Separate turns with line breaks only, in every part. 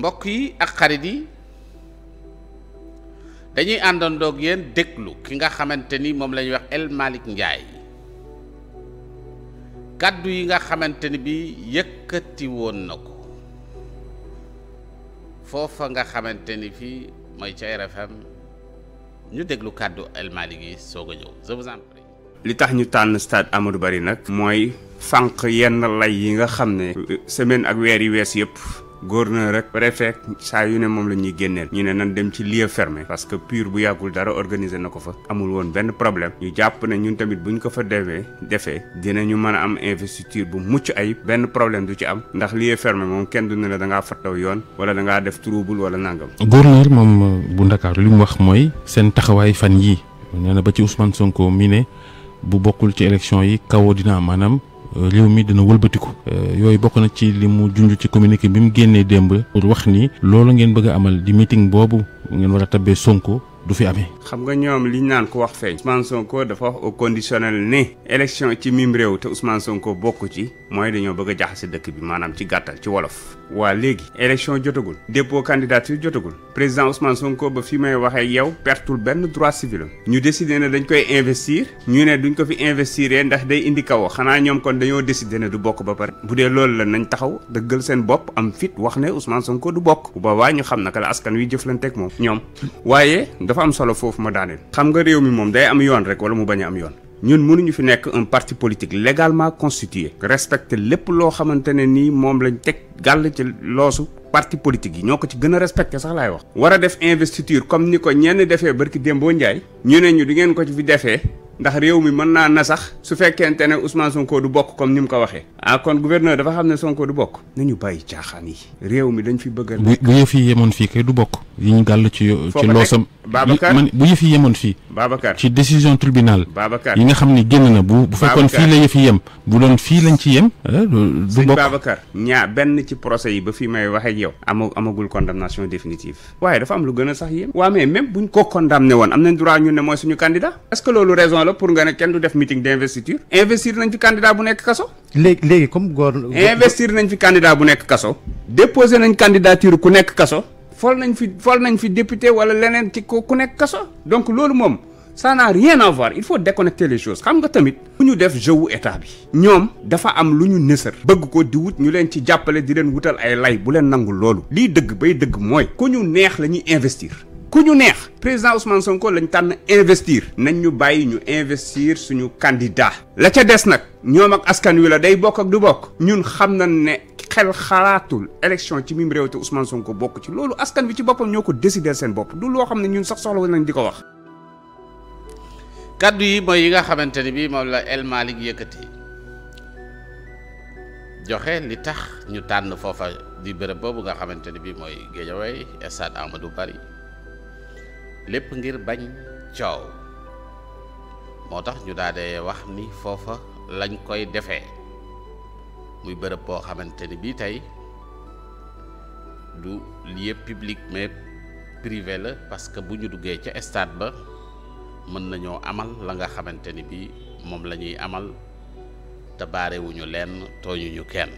mbokk yi ak xarit yi dañuy àndandoog yéen déglu ki nga xamante ni moom lañuy wax El njaay Ndiaye kàddu yi nga xamante ni bi yëkkati woon na ko foofa nga xamante ni fii mooy ca RFM ñu déglu kàddu El yi soog a ñëw
li tax ñu tànn stade Amadou bari nag mooy fànq yenn lay yi nga xam ne euh, semaine ak weer yi wees yëpp gouverneur rek préfet saa yu ne moom la ñuy génneel ñu ne nan dem ci lieu fermé parce que pur bu yàggul dara organiser na ko fa amul woon benn problème ñu jàpp ne ñun tamit buñ ko fa defee defee ñu mën a am investiture bu mucc ay benn problème du ci am ndax lieu fermé moom kenn du ne la da ngaa fattaw yoon wala da ngaa def trouble wala nangam. gouverneur
moom euh, bu Ndakaar li mu wax mooy seen taxawaay fan yii nee na ba ci Ousmane Sonko mi ne bu bokkul ci élection yi kawoo dina maanaam réew mi dina wëlbatiku euh, yooyu bokk na ci li mu junj ci communiqué bi mu génnee démb pour wax ni loolu ngeen bëgg a amal di meeting boobu ngeen war a tabbee Sonko
du fi amee. xam nga ñoom li ñu naan ko wax feeñ. Ousmane Sonko dafa wax au conditionnel ne. élection ci mim réew te Ousmane Sonko bokk ci mooy dañoo bëgg a jaxase dëkk bi maanaam ci gàttal ci wolof. waa léegi élection jotagul dépôt candidature jotagul président Ousmane Sonko ba fi may waxee yow pertul benn droit civil ñu décidé ne dañ koy investir ñu ne duñ ko fi investir ndax day indi kaw xanaa ñoom kon dañoo décidé ne du bokk ba pare bu dee loolu la nañ taxaw dëggal seen bopp am fit wax ne Ousmane Sonko du bokk ba waa ñu xam naka la askan wi jëflanteeg moom ñoom waaye dafa am solo foofu ma daaneel xam nga réew mi moom day am yoon rek wala mu bañ a am yoon ñun mënuñu fi nekk un parti politique légalement constitué respecté lépp loo xamante ne nii moom lañ teg gàll ci loosu parti politique yi ñoo ko ci gën a respecté sax laay wax war a def investiture comme ni ko ñenn defee barki démboo Ndiaye ñu ne ñu di ngeen ko ci fi defee ndax réew mi mën naa na sax su fekkente ne Ousmane Sonko du bokk comme ni mu ko waxee ah kon gouverneur dafa xam ne Sonko du bokk nañu bàyyi caaxaan yi réew mi dañ fi bëgg a bu yëf yi yemoon fii kay du bokk yi ñu gàll ci bu yëf yi yemoon fii Babacar ci décision tribunal Babacar yi nga xam ne génn na bu bu fekkoon fii la yëf yi yem bu doon fii lañ ci yem eh, du bokk Babacar ñaa benn ci procès yi ba fii may wax ak yow ama amagul condamnation définitive waaye dafa am lu gën a sax yéem waa mais même buñ ko condamné woon am nañ droit ñu ne mooy suñu candidat est loolu raison la pour nga ne kenn du def meeting d'investiture investir léegi léegi comme góor investir nañ fi candidat bu nekk kaso déposé nañ candidature ku nekk kaso fool nañ fi fool nañ fi député wala leneen ci ko ku nekk kaso donc loolu moom ça n'a rien à voir il faut déconnecter les choses xam nga tamit bu ñu def jeu wu état bi ñoom dafa am lu ñu nësër bëgg ko di wut ñu leen ci jàppale di leen wutal ay lay bu leen nangul loolu lii dëgg bay dëgg mooy ku ñu neex la ñuy investir ku ñu neex président Ousmane Sonko lañ tànn investir nañ ñu bàyyi ñu investir suñu candidat la ca des nag ñoom ak askan wi la day bokk ak du bokk ñun xam nañ ne xel xalaatul élection ci mim réew te usman Sonko bokk ci loolu askan wi ci boppam ñoo ko décider seen bopp du loo xam ne ñun sax soxla nañ di ko wax.
kàddu yi mooy yi nga xamante ni bii moom la El Malick yëkkati joxe li tax ñu tànn foofa di bërëb boobu nga xamante ni bii mooy Guédiawaye stade Amadou Barry lépp ngir bañ coow moo tax ñu daal wax ni foofa lañ koy defee muy bërëb boo xamante ni bii tey du lieu public mais privé la parce que bu ñu duggee ca stade ba mën nañoo amal la nga xamante ni bii moom la ñuy amal te baarewuñu leen tooñuñu kenn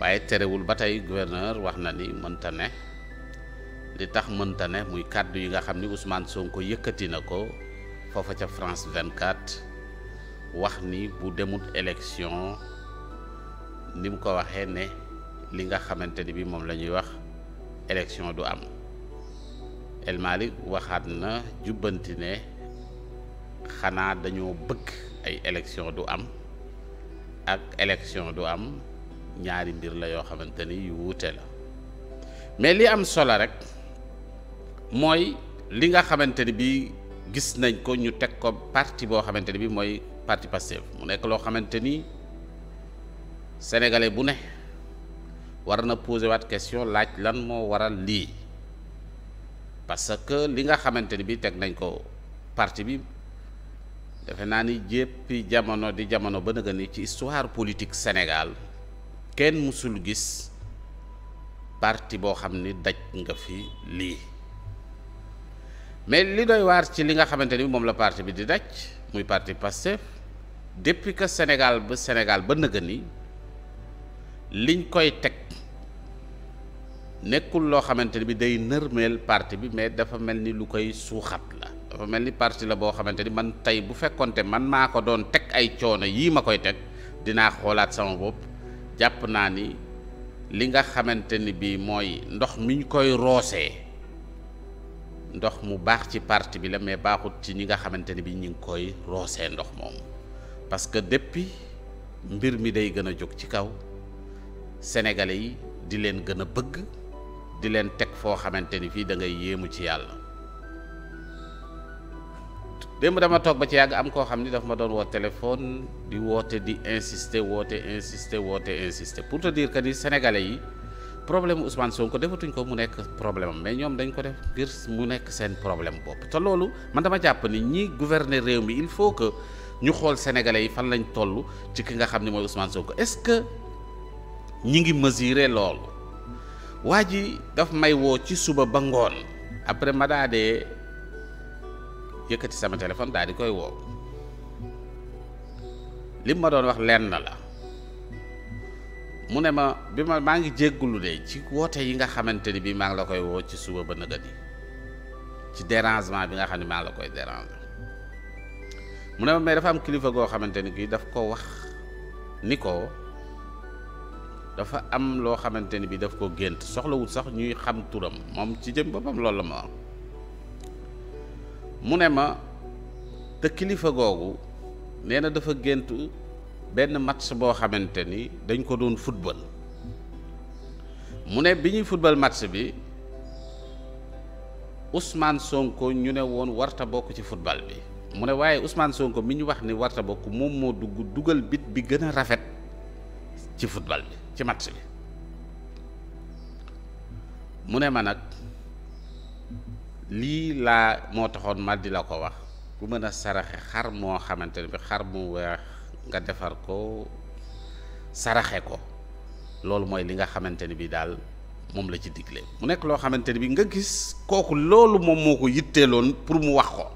waaye terewul ba tey gouverneur wax na ni mënta ne li tax mënta ne muy kàddu yi nga xam ni Ousmane Sonko yëkkati na ko foofa ca France 24 wax ni bu demut élection ni mu ko waxee ne li nga xamante ni bi moom lañuy wax élection du am El Malick waxaat na jubbanti ne xanaa dañoo bëgg ay élection du am ak élection du am ñaari mbir la yoo xamante ni yu wuute la mais li am solo rek mooy li nga xamante ni bii gis nañ ko ñu teg ko parti boo xamante ni bii mooy parti Pastef mu nekk loo xamante ni sénégalais bu ne war na poser waat question laaj lan moo waral lii parce que li nga xamante ni bii teg nañ ko parti bi defe naa ni jéppi jamono di jamono ba nga ci histoire politique senegal kenn mësul gis parti boo xam ni daj nga fi lii. mais li doy waar ci li nga xamante ni moom la parti bi di daj muy parti Pastef depuis que Sénégal ba Sénégal ba nëgë ni liñ koy teg nekkul loo xamante ni bi day nërmeel parti bi mais dafa mel ni lu koy suuxat la dafa mel ni parti la boo xamante ni man tey bu fekkonte man maa ko doon teg ay coono yii ma koy teg dinaa xoolaat sama bopp jàpp naa ni li nga xamante ni bi mooy ndox mi ñu koy roosee ndox mu baax ci parti bi la mais baaxut ci ñi nga xamante ne bi ñu ngi koy roosee ndox moomu parce que depuis mbir mi day gën a jóg ci kaw sénégalais yi di leen gën a bëgg di leen teg foo xamante ni fii da ngay yéemu ci yàlla démb dama toog ba ci yàgg am koo xam ni dafa ma doon woo téléphone di woote di insister woote insister woote insister pour te dire que ni sénégalais yi problème Ousmane Sonko defatuñ ko mu nekk problème mais ñoom dañ ko def ngir mu nekk seen problème bopp te loolu man dama jàpp ni ñi gouverner réew mi il faut que ñu xool sénégalais yi fan lañ toll ci ki nga xam ne mooy Ousmane Sonko est-ce que ñi ngi mesurer loolu waa ji daf may woo ci suba ba ngoon après ma daa dee yëkkati sama téléphone daal di koy woo li ma doon wax lenn la. mu ne ma bi ma maa ngi jéggulu de ci woote yi nga xamante ni bii maa ngi la koy woo ci suba ba nëgëni ci dérangement bi nga xam ne maa ngi la koy déranger mu ne ma mais dafa am kilifa goo xamante ni kii daf ko wax ni ko dafa am loo xamante ni bii daf ko gént soxlawul sax ñuy xam turam moom ci jëm boppam loolu la ma mu ne ma te kilifa googu nee na dafa gént. benn mats boo xamante ni dañ ko doon football mu ne bi ñuy football match bi Ousmane Sonko ñu ne woon warta bokk ci football bi mu ne waaye Ousmane Sonko mi ñu wax ni warta bokk moom moo dugg dugal bit bi gën a rafet ci football bi mu ne ma nag lii laa moo taxoon ma di la ko wax bu mën a saraxe xar moo xamante ne bi xar mu weex nga defar ko saraxe ko loolu mooy li nga xamante ni bi daal moom la ci digle mu nekk loo xamante ni bi nga gis kooku loolu moom moo ko yitteeloon pour mu wax ko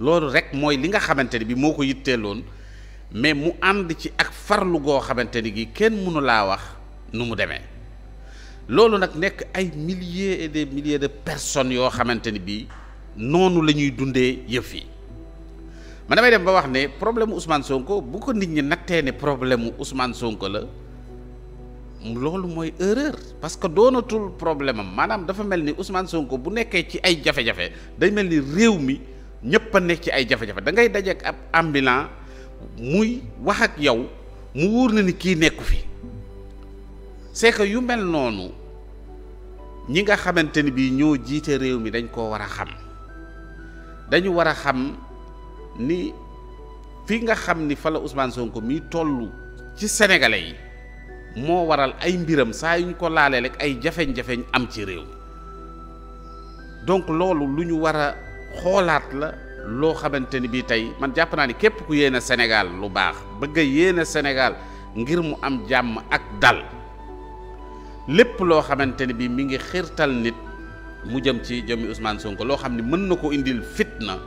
loolu rek mooy li nga xamante ni bi moo ko yitteeloon mais mu ànd ci ak farlu goo xamante ni gi kenn mënu laa wax nu mu demee loolu nag nekk ay milliers et des milliers de personnes yoo xamante ni bi noonu la ñuy dundee yëf yi man damay dem ba wax ne problème Ousmane Sonko bu ko nit ñi nattee ne problème mu Ousmane Sonko la loolu mooy erreur parce que doonatul problème am maanaam dafa mel ni Ousmane Sonko bu nekkee ci ay jafe-jafe day mel ni réew mi ñëpp a nekk ci ay jafe-jafe da dajeek ab ambulant muy wax ak yow mu wóor na ni kii nekku fi c'est yu mel noonu ñi nga xamante ni bii ñoo jiitee réew mi dañ koo war a xam dañu war a xam. ni fi nga xam ni fa la Ousmane Sonko mii toll ci sénégalais yi moo waral ay mbiram saa yu ñu ko laalee rek ay jafeñ-jafeñ am ci réew donc loolu lu ñu war a xoolaat la loo xamante ni bii tey man jàpp naa ni képp ku yéene Sénégal lu baax bëgg a senegal ngir mu am jàmm ak dal lépp loo xamante ni bii mi ngi xiirtal nit mu jëm ci jëmmi usmaan Sonko loo xam ni mën na ko indil fitna.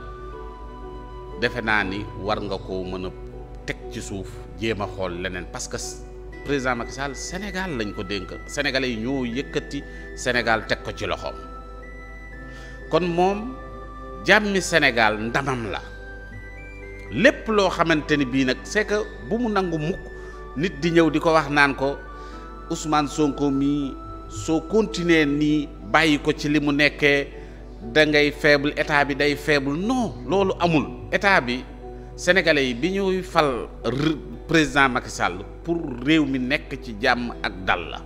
defe naa ni war nga ko mën a teg ci suuf jéem a xool leneen parce que président Macky Sall Sénégal lañ ko dénk sénégalais yi ñoo yëkkati Sénégal teg ko ci loxoom kon moom jàmmi Sénégal ndamam la lépp loo xamante ni bii nag c'est que bu mu nangu mukk nit di ñëw di ko wax naan ko Ousmane Sonko mii soo continuer nii bàyyi ko ci li mu nekkee da ngay faible état bi day faible non loolu amul. état bi sénégalais bi ñuy fal président Macky Sall pour réew mi nekk ci jàmm ak dal la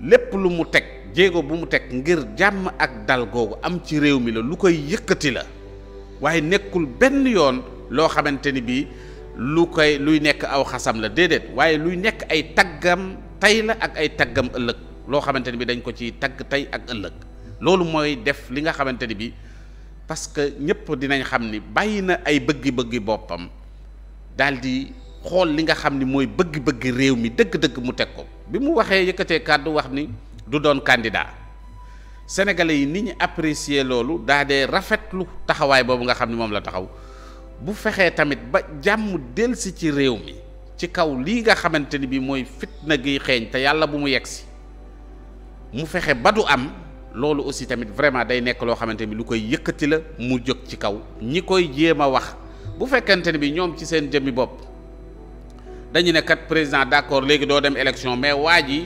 lépp lu mu teg jéego bu mu teg ngir jàmm ak dal googu am ci réew mi la lu koy yëkkati la waaye nekkul benn yoon loo xamante ni bii lu koy luy nekk aw xasam la déedéet waaye luy nekk ay taggam tey la ak ay taggam ëllëg loo xamante ni bi dañ ko ci tagg tey ak ëllëg loolu mooy def li nga xamante ni bii. parce que ñëpp dinañ xam ni bàyyi na ay bëgg-bëggi boppam daal xool li nga xam ni mooy bëgg-bëgg réew mi dëgg-dëgg mu teg ko bi mu waxee yëkkatee kàddu wax ni du doon candidat sénégalais yi ni ñu apprécier loolu daa dee rafetlu taxawaay boobu nga xam ni moom la taxaw bu fexee tamit ba jàmm delsi ci réew mi ci kaw lii nga xamante ni bi mooy fitna gi xeeñ te yàlla bu mu yegg si mu fexe ba du am loolu aussi tamit vraiment day nekk loo xamante ni lu koy yëkkati la mu jóg ci kaw ñi koy jéem a wax bu fekkente ni bi ñoom ci seen jëmmi bopp dañu ne kat président d'accord léegi doo dem élection mais waa ji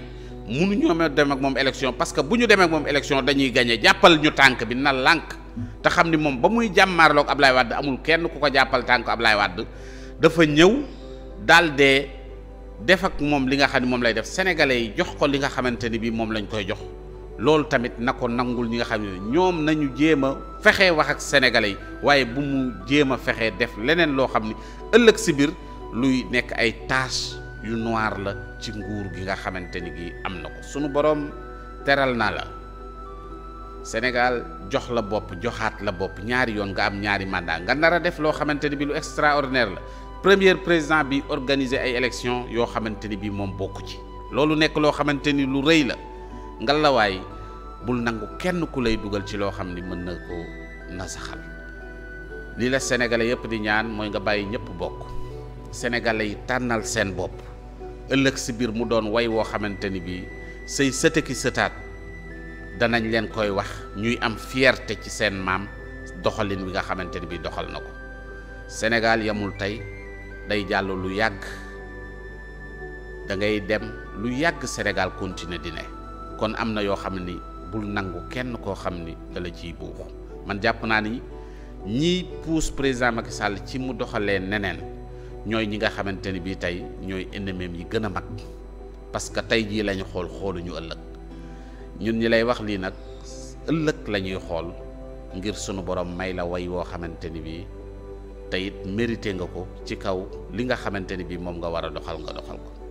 mënuñoo ma dem ak moom élection parce que bu ñu demee ak moom élection dañuy gagné jàppal ñu tànk bi na lànk te xam ni moom ba muy jàmmaarloog Ablaye Wade amul kenn ku ko jàppal tànk ab Ablaye Wade dafa ñëw daal dee def ak moom li nga xam ne moom lay def sénégalais yi jox ko li nga xamante ni bi moom lañ koy jox loolu tamit na ko nangul ñi nga xam ne ñoom nañu jéem a fexe wax ak sénégalais yi waaye bu mu jéem a fexe def leneen loo xam ne ëllëg si biir luy nekk ay tâche yu noir la ci nguur gi nga xamante ni gi am na ko sunu boroom teral naa la Sénégal jox la bopp joxaat la bopp ñaari yoon nga am ñaari mandat nga nar def loo xamante ni bi lu extraordinaire la premier président bi organiser ay élection yoo xamante ni bi moom bokku ci loolu nekk loo xamante ni lu rëy la ngalawaay bul nangu kenn ku lay dugal ci loo xam ni mën na ko nasaxal lii la sénégalais yëpp di ñaan mooy nga bàyyi ñëpp bokk sénégalais yi tànnal seen bopp ëllëg si biir mu doon woy woo xamante ni bii say sëtëki sëtaat danañ leen koy wax ñuy am te ci seen maam doxalin bi nga xamante ni bii doxal na ko Sénégal yamul tey day jàll lu yàgg dangay dem lu yàgg Sénégal continuer di ne kon am na yoo xam ni bul nangu kenn koo xam ni dala ci buux man jàpp naa ni ñii pousse président Macky Sall ci mu doxalee neneen ñooy ñi nga xamante ni bii tey ñooy ennemis yi gën a mag parce que tey jii lañu xool xooluñu ëllëg ñun ñi lay wax lii nag ëllëg la ñuy xool ngir sunu borom may la way woo xamante ni bii tey it mérité nga ko ci kaw li nga xamante ni bii moom nga war a doxal nga doxal ko.